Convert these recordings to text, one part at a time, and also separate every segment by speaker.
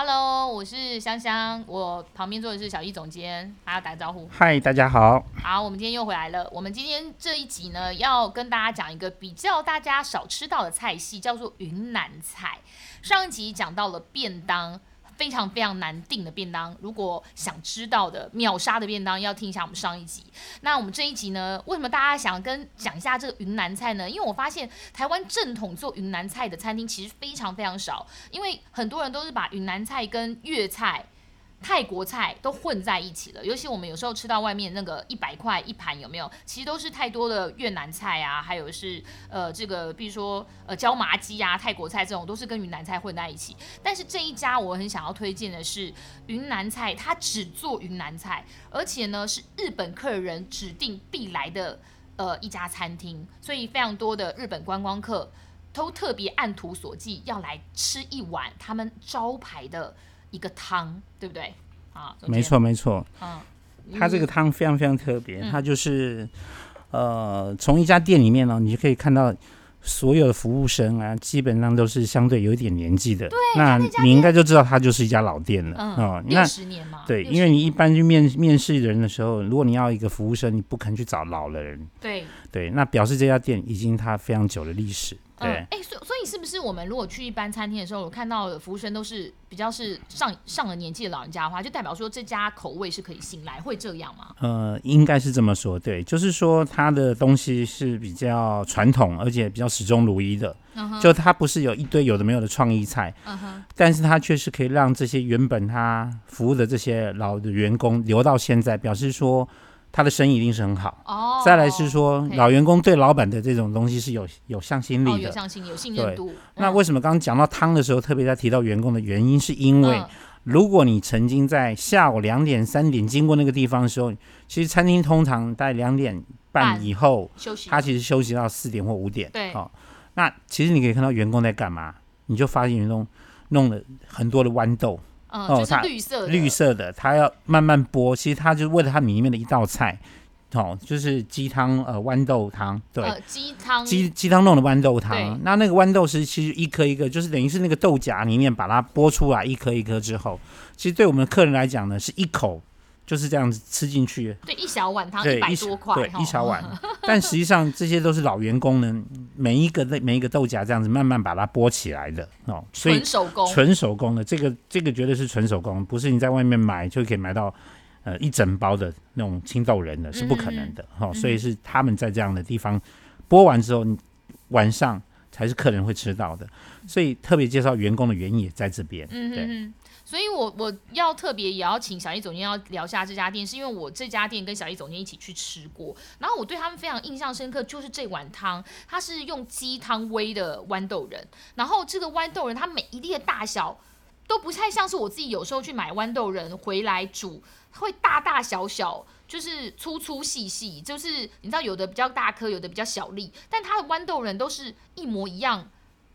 Speaker 1: Hello，我是香香，我旁邊坐的是小易總監，大家打個招呼。
Speaker 2: Hi，大家好。
Speaker 1: 好，我們今天又回來了。我們今天這一集呢，要跟大家講一個比較大家少吃到的菜系，叫做雲南菜。上一集講到了便當。非常非常難訂的便當，如果想知道的秒殺的便當，要聽一下我們上一集。那我們這一集呢？為什麼大家想跟講一下這個雲南菜呢？因為我發現台灣正統做雲南菜的餐廳其實非常非常少，因為很多人都是把雲南菜跟粵菜、泰國菜都混在一起了，尤其我們有時候吃到外面那個一百塊一盤有沒有？其實都是太多的越南菜啊，還有是呃這個，比如說呃椒麻雞啊、泰國菜這種，都是跟雲南菜混在一起。但是這一家我很想要推薦的是雲南菜，它只做雲南菜，而且呢是日本客人指定必來的呃一家餐廳，所以非常多的日本觀光客都特別按圖索驥要來吃一碗他們招牌的。一個湯，對不對？啊，沒錯，沒錯。嗯，
Speaker 2: 他這個湯非常非常特別，嗯、他就是，呃，從一家店裡面呢、哦，你就可以看到所有的服務生啊，基本上都是相對有點年紀的。對，那你應該就知道它就是一家老店了。嗯，嗯，那60年嘛，對，60年，因為你一般去面面試的人的時候，如果你要一個服務生，你不肯去找老的人。對。對，那表示這家店已經它非常久的歷史。對，
Speaker 1: 哎、呃欸，所以所以是不是我們如果去一般餐廳的時候，我看到服務生，都是比較是上上了年紀的老人家的話，就代表說這家口味是可以信賴，會這樣嗎？
Speaker 2: 呃，應該是這麼說，對，就是說他的東西是比較傳統，而且比較始終如一的，uh-huh. 就他不是有一堆有的沒有的創意菜，uh-huh. 但是他確實可以讓這些原本他服務的這些老的員工留到現在，表示說。他的生意一定是很好。哦，再來是說老員工對老板的這種東西是有有向心力的。哦、有向心力，有信任度。對、嗯。那為什麼剛剛講到湯的時候，特別在提到員工的原因，是因為、嗯、如果你曾經在下午兩點、三點經過那個地方的時候，其實餐廳通常在兩點半以後休息，他其實休息到四點或五點。對。好，哦，那其實你可以看到員工在幹嘛？你就發現員工弄，弄了很多的豌豆。哦，它就是、綠色的，綠色的，它要慢慢剝。其實它就是為了它裡面的一道菜，哦，就是雞湯呃豌豆湯。對，雞湯雞雞湯弄的豌豆湯。那那個豌豆是其實一顆一個，就是等於是那個豆莢裡面把它剝出來一顆一顆之後，其實對我們客人來講呢，是一口。就是這樣子吃進去對，對，對一
Speaker 1: 小碗湯百多塊對，一小，對一小碗，
Speaker 2: 但實際上這些都是老員工呢，每一個每一個豆莢這樣子慢慢把它剝起來的哦，所以純手工純手工的，這個這個絕對是純手工，不是你在外面買就可以買到呃一整包的那種青豆仁的，是不可能的哈、嗯哦，所以是他們在這樣的地方剝、嗯、完之後你晚上。還是客人會吃到的，所以特別介紹員工的原因也在這邊、嗯。嗯
Speaker 1: 嗯，所以我我要特別也要請小易總監要聊下這家店，是因為我這家店跟小易總監一起去吃過，然後我對他們非常印象深刻，就是這碗湯，它是用雞湯煨的豌豆仁，然後這個豌豆仁它每一粒的大小都不太像是我自己有時候去買豌豆仁回來煮，它會大大小小。就是粗粗細細，就是你知道有的比較大顆，有的比較小粒，但它的豌豆仁都是一模一樣，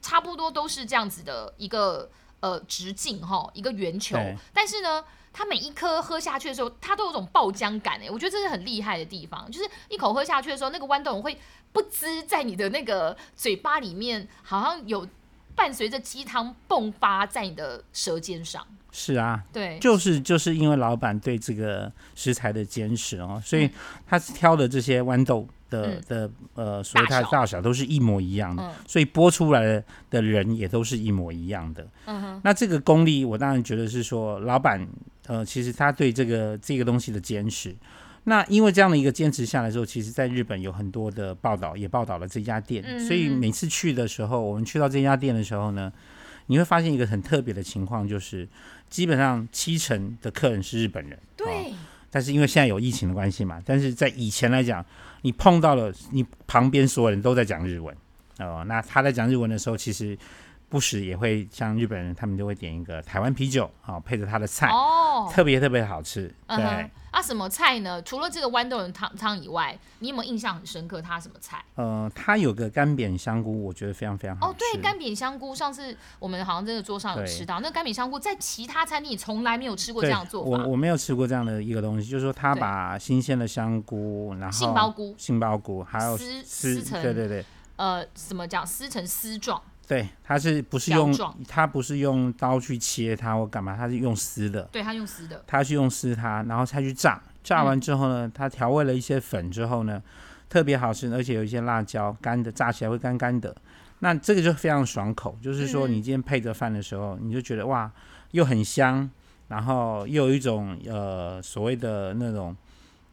Speaker 1: 差不多都是這樣子的一個呃直徑哈，一個圓球、嗯。但是呢，它每一顆喝下去的時候，它都有種爆漿感誒、欸，我覺得這是很厲害的地方。就是一口喝下去的時候，那個豌豆仁會不滋在你的那個嘴巴裡面，好像有伴隨着雞湯迸發在你的舌尖上。
Speaker 2: 是啊，對，就是就是因為老板對這個食材的堅持哦，所以他挑的這些豌豆的、嗯、的呃，所以它的大小都是一模一樣的，嗯、所以剝出來的人也都是一模一樣的。嗯、那這個功力，我當然覺得是說老板呃，其實他對這個這個東西的堅持。那因為這樣的一個堅持下來之後，其實在日本有很多的報道也報道了這家店、嗯，所以每次去的時候，我們去到這家店的時候呢。你會發現一個很特別的情況，就是基本上七成的客人是日本人。對。哦，但是因為現在有疫情的關係嘛，但是在以前來講，你碰到了你旁邊所有人都在講日文哦。那他在講日文的時候，其實。不時也會像日本人，他們就會點一個台灣啤酒啊，配着他的菜，oh. 特別特別好吃。對、uh -huh.
Speaker 1: 啊，什麼菜呢？除了這個豌豆仁湯湯以外，你有沒有印象很深刻？他什麼菜？
Speaker 2: 呃，他有個乾煸香菇，我覺得非常非常好吃。哦、oh，對，乾
Speaker 1: 煸香菇，上次我們好像在這桌上有吃到。那乾煸香菇在其他餐廳也從來沒有吃過這樣做。我
Speaker 2: 我沒有吃過這樣的一個東西，就是說他把新鮮的香菇，然後杏鮑菇，杏鮑菇還有撕撕成對對對，
Speaker 1: 呃，什麼講？撕成絲狀。
Speaker 2: 對，他是不是用它？不是用刀去切它或幹嘛，他是用撕的。對，他用撕的，他是用撕它，然後它去炸，炸完之後呢，他調味了一些粉之後呢，特別好吃，而且有一些辣椒乾的，炸起來會乾干的。那這個就非常爽口，就是說你今天配着飯的時候，你就覺得哇，又很香，然後又有一種呃所謂的那種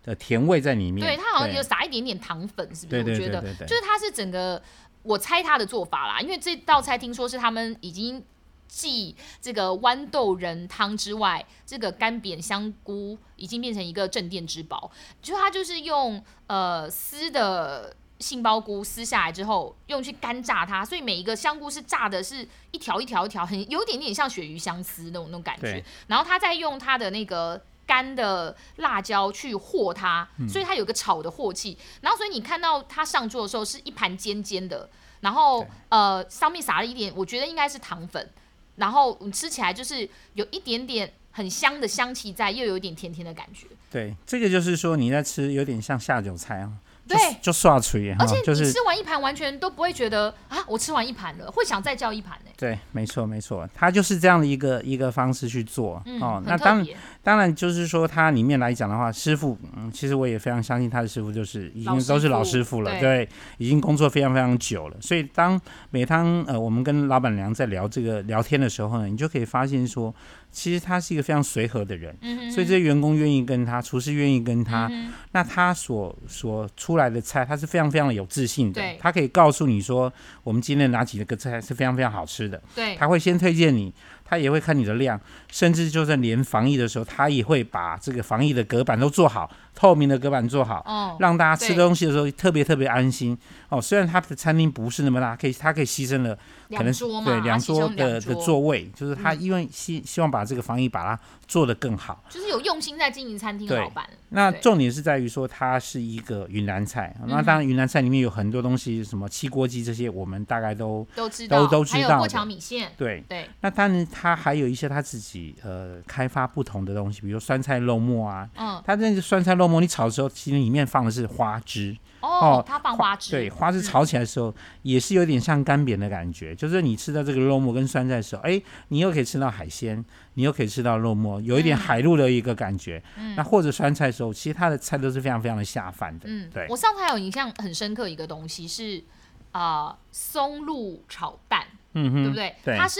Speaker 2: 的甜味在裡面。對，它好像有撒
Speaker 1: 一點點糖粉，是不是？對對對對對，對，我覺得就是它是整個。我猜他的做法啦，因為這道菜聽說是他們已經繼這個豌豆仁湯之外，這個乾煸香菇已經變成一個鎮店之寶。就他就是用呃撕的杏鮑菇撕下來之後，用去乾炸它，所以每一個香菇是炸的是一條一條一條，很有點點像鱈魚香絲那種那種感覺。然後他再用他的那個。乾的辣椒去和它，所以它有個炒的鑊氣，嗯。然後，所以你看到它上桌的時候是一盤尖尖的，然後呃上面撒了一點，我覺得應該是糖粉。然後你吃起來就是有一點點很香的香氣在，又有一點甜甜的感覺。
Speaker 2: 對，這個就是說你在吃有點像下酒菜啊。對，就刷出來，而且你吃
Speaker 1: 完一盤，完全都不會覺得啊，我吃完一盤了，會想再叫一盤呢、
Speaker 2: 欸。對，沒錯沒錯，它就是這樣的一個一個方式去做、嗯、哦。那當當然就是說，它裡面來講的話，師傅。其實我也非常相信他的師傅，就是已經都是老師傅了，對，已經工作非常非常久了。所以當每當呃，我們跟老闆娘在聊這個聊天的時候呢，你就可以發現說，其實他是一個非常隨和的人，所以這些員工願意跟他，廚師願意跟他。那他所所出來的菜，他是非常非常的有自信的，他可以告訴你說，我們今天拿起這個菜是非常非常好吃的，對，他會先推薦你，他也會看你的量，甚至就算連防疫的時候，他也會把這個防疫的隔板都做好。透明的隔板做好，哦，讓大家吃東西的時候特別特別安心。哦，雖然它的餐廳不是那麼大，他可以它可以犧牲了可能，兩桌嘛，對，兩桌的桌的座位，就是它因為希、嗯、希望把這個防疫把它做得更好，就
Speaker 1: 是有用心在經營餐廳老闆。那重
Speaker 2: 點是在於說，它是一個雲南菜、嗯，那當然雲南菜裡面有很多東西，什麼汽鍋雞這些，我們大概都都知道，都都知道。過橋米線，對對。那當然它還有一些它自己呃開發不同的東西，比如酸菜肉末啊，嗯，它那個酸菜肉。肉末你炒的時候，其實裡面放的是花枝、oh, 哦，它放花枝花，對，花枝炒起來的時候也是有點像乾煸的感覺、嗯。就是你吃到這個肉末跟酸菜的時候，哎、欸，你又可以吃到海鮮，你又可以吃到肉末，有一點海陸的一個感覺。嗯，那或者酸菜的時候，其他的菜都是非常非常的下飯的。嗯，對。我上
Speaker 1: 次還有印象很深刻的一個東西是啊、呃，松露炒蛋，嗯哼。
Speaker 2: 對不對？對。它是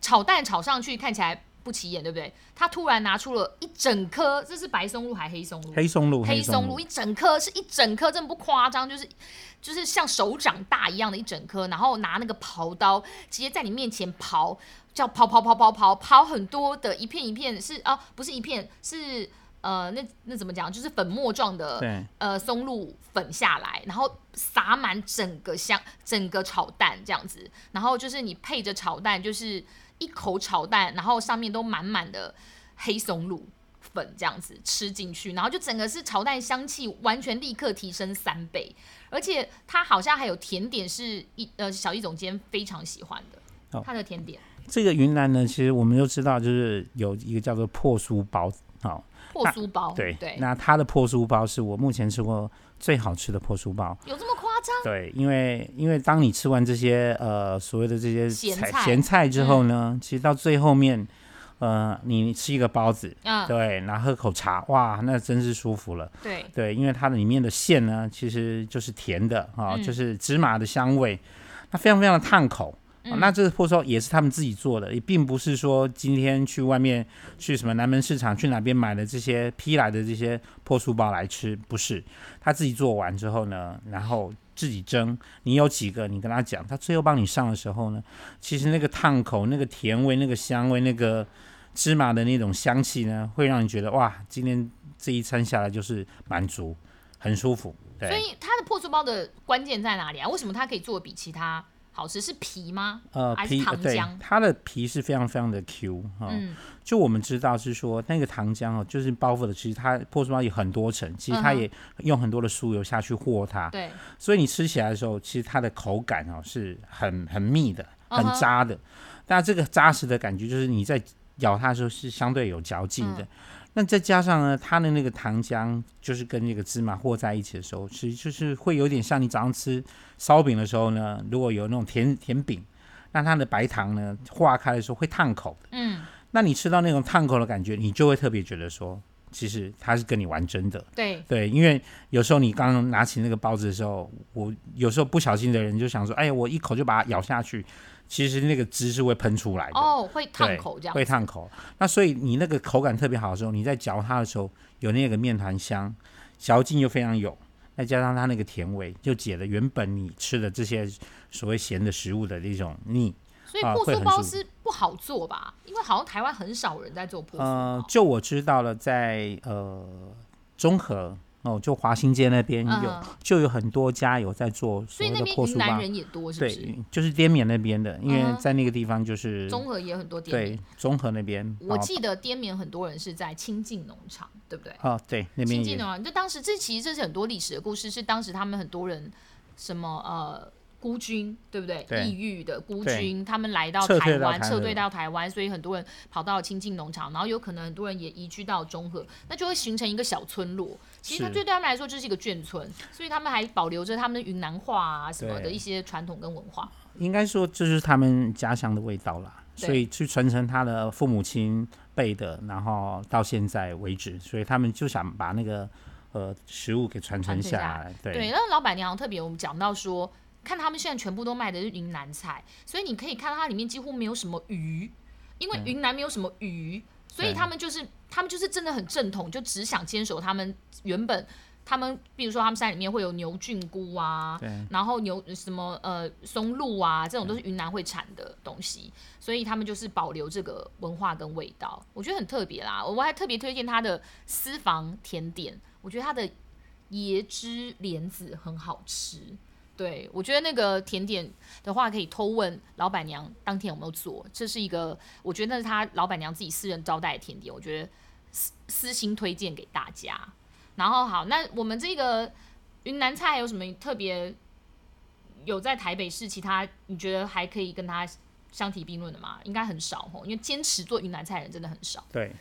Speaker 1: 炒蛋炒上去看起來。不起眼，對不對？他突然拿出了一整顆，這是白松露還是黑，黑松露？黑松露，黑松露，一整顆是一整顆，真的不誇張，就是就是像手掌大一樣的一整顆，然後拿那個刨刀直接在你面前刨，叫刨刨刨刨刨，刨，刨，刨很多的一片一片是哦、啊，不是一片，是呃那那怎麼講，就是粉末狀的，對呃，呃松露粉下來，然後撒滿整個香，整個炒蛋這樣子，然後就是你配着炒蛋，就是。一口炒蛋，然後上面都滿滿的黑松露粉，這樣子吃進去，然後就整個是炒蛋香氣，完全立刻提升三倍。而且它好像還有甜點，是一呃小易總監非常喜歡的，他的甜點。
Speaker 2: 哦、這個雲南呢，其實我們都知道，就是有一個叫做破酥包，好、哦，
Speaker 1: 破酥包，對對。那
Speaker 2: 他的破酥包是我目前吃過。最好吃的破酥包。
Speaker 1: 有這麼誇張？
Speaker 2: 對，因為因為當你吃完這些呃所謂的這些鹹菜鹹菜之後呢、嗯，其實到最後面，呃，你吃一個包子、啊，對，然後喝口茶，哇，那真是舒服了。對對，因為它的裡面的餡呢，其實就是甜的啊、嗯，就是芝麻的香味，它非常非常的燙口。嗯，哦，那這個破酥包也是他們自己做的，也並不是說今天去外面去什麼南門市場去哪邊買的這些批來的這些破酥包來吃，不是他自己做完之後呢，然後自己蒸。你有幾個，你跟他講，他最後幫你上的時候呢，其實那個燙口、那個甜味、那個香味、那個芝麻的那種香氣呢，會讓你覺得哇，今天這一餐下來就是滿足，很舒服，對。所以
Speaker 1: 他的破酥包的關鍵在哪裡啊？為什麼他可以做比其他？保持是皮嗎？呃，皮是糖漿，
Speaker 2: 它的皮是非常非常的 Q 哈、哦，嗯，就我們知道是說那個糖漿哦，就是包覆的，其實它破酥包有很多層，其實它也用很多的酥油下去和它。對、嗯，所以你吃起來的時候，其實它的口感哦是很很密的，很扎的。那、嗯、這個扎實的感覺，就是你在。咬它的時候是相對有嚼勁的，嗯，那再加上呢，它的那個糖漿就是跟那個芝麻和在一起的時候，其實就是會有點像你早上吃燒餅的時候呢，如果有那種甜甜餅，那它的白糖呢化開的時候會燙口的，嗯，那你吃到那種燙口的感覺，你就會特別覺得說。其實它是跟你玩真的對，對對，因為有時候你剛，剛拿起那個包子的時候，我有時候不小心的人就想說，哎，我一口就把它咬下去，其實那個汁是會噴出來的，哦，
Speaker 1: 會燙口這樣，會
Speaker 2: 燙口。那所以你那個口感特別好的時候，你在嚼它的時候有那個麵團香，嚼勁又非常有，再加上它那個甜味，就解了原本你吃的這些所謂鹹的食物的那種膩。所以破酥包是
Speaker 1: 不好做吧，啊？因為好像台灣很少人在做破酥包。呃、
Speaker 2: 就我知道了，在呃中和哦、呃，就華新街那邊有、嗯，就有很多家有在做所謂的破酥包。所以那邊雲南
Speaker 1: 人也多，是不
Speaker 2: 是？就是滇緬那邊的，因為在那個地方就是、嗯、中和也有很多滇緬。對，中和那邊，我記
Speaker 1: 得滇緬很多人是在清境農場，對不對？
Speaker 2: 哦、啊，對，那邊清境農
Speaker 1: 場，就當時這其實這是很多歷史的故事，是當時他們很多人什麼呃。孤軍對不對？異域的孤軍，他們來到台灣，撤退到台灣，所以很多人跑到清境農場，然後有可能很多人也移居到中和，那就會形成一個小村落。其實這對他們來說就是一個眷村，所以他們還保留着他們的雲南話啊什麼的一些傳統跟文化。
Speaker 2: 應該說這是他們家鄉的味道啦，所以去傳承他的父母親輩的，然後到現在為止，所以他們就想把那個呃食物給傳承下來，啊，對對。對，
Speaker 1: 那老闆娘特別我們講到說。看他們現在全部都賣的是雲南菜，所以你可以看到它裡面幾乎沒有什麼魚，因為雲南沒有什麼魚，嗯，所以他們就是他們就是真的很正統，就只想堅守他們原本他們，比如說他們山裡面會有牛菌菇啊，然後牛什麼呃松露啊這種都是雲南會產的東西，所以他們就是保留這個文化跟味道，我覺得很特別啦。我還特別推薦他的私房甜點，我覺得他的椰汁蓮子很好吃。對，我覺得那個甜點的話，可以偷問老板娘當天有沒有做，這是一個我覺得那是他老板娘自己私人招待的甜點，我覺得私心推薦給大家。然後好，那我們這個雲南菜還有什麼特別有在台北市其他你覺得還可以跟他相提並論的嗎？應該很少哦，因為堅持做雲南菜的人真的很少。
Speaker 2: 對。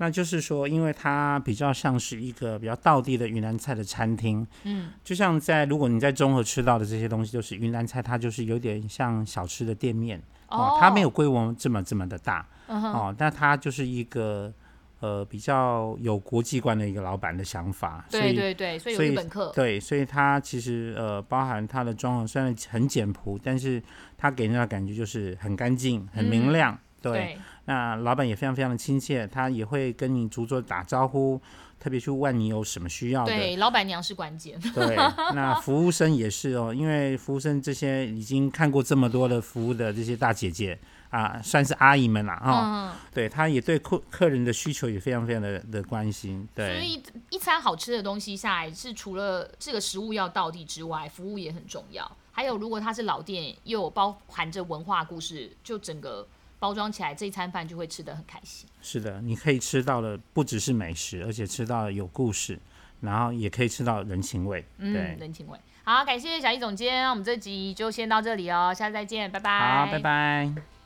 Speaker 2: 那就是說，因為它比較像是一個比較道地的雲南菜的餐廳，嗯，就像在如果你在中和吃到的這些東西，就是雲南菜，它就是有點像小吃的店面，哦，哦，它沒有規模這麼這麼的大，哦、嗯，但它就是一個呃比較有國際觀的一個老板的想法，對對對，所以有日本客，所以對，所以它其實呃包含它的裝潢雖然很簡樸，但是它給人家的感覺就是很乾淨、很明亮、嗯，對，對。那老闆也非常非常的親切，他也會跟你逐桌打招呼，特別去問你有什麼需要的。對，
Speaker 1: 老闆娘是關鍵。對，
Speaker 2: 那服務生也是哦， 因為服務生這些已經看過這麼多的服務的這些大姐姐啊，算是阿姨們了哈、哦嗯嗯。對，她也對客客人的需求也非常非常的的關心。對，
Speaker 1: 所以一餐好吃的東西下來，是除了這個食物要道地之外，服務也很重要。還有，如果它是老店，又包含着文化故事，就整個。包裝起來，這一餐飯就會吃得很開心。
Speaker 2: 是的，你可以吃到的不只是美食，而且吃到了有故事，然後也可以吃到人情味。對、嗯、人
Speaker 1: 情味。好，感謝小易總監，我們這集就先到這裡哦，下次再見，拜拜。好，拜
Speaker 2: 拜。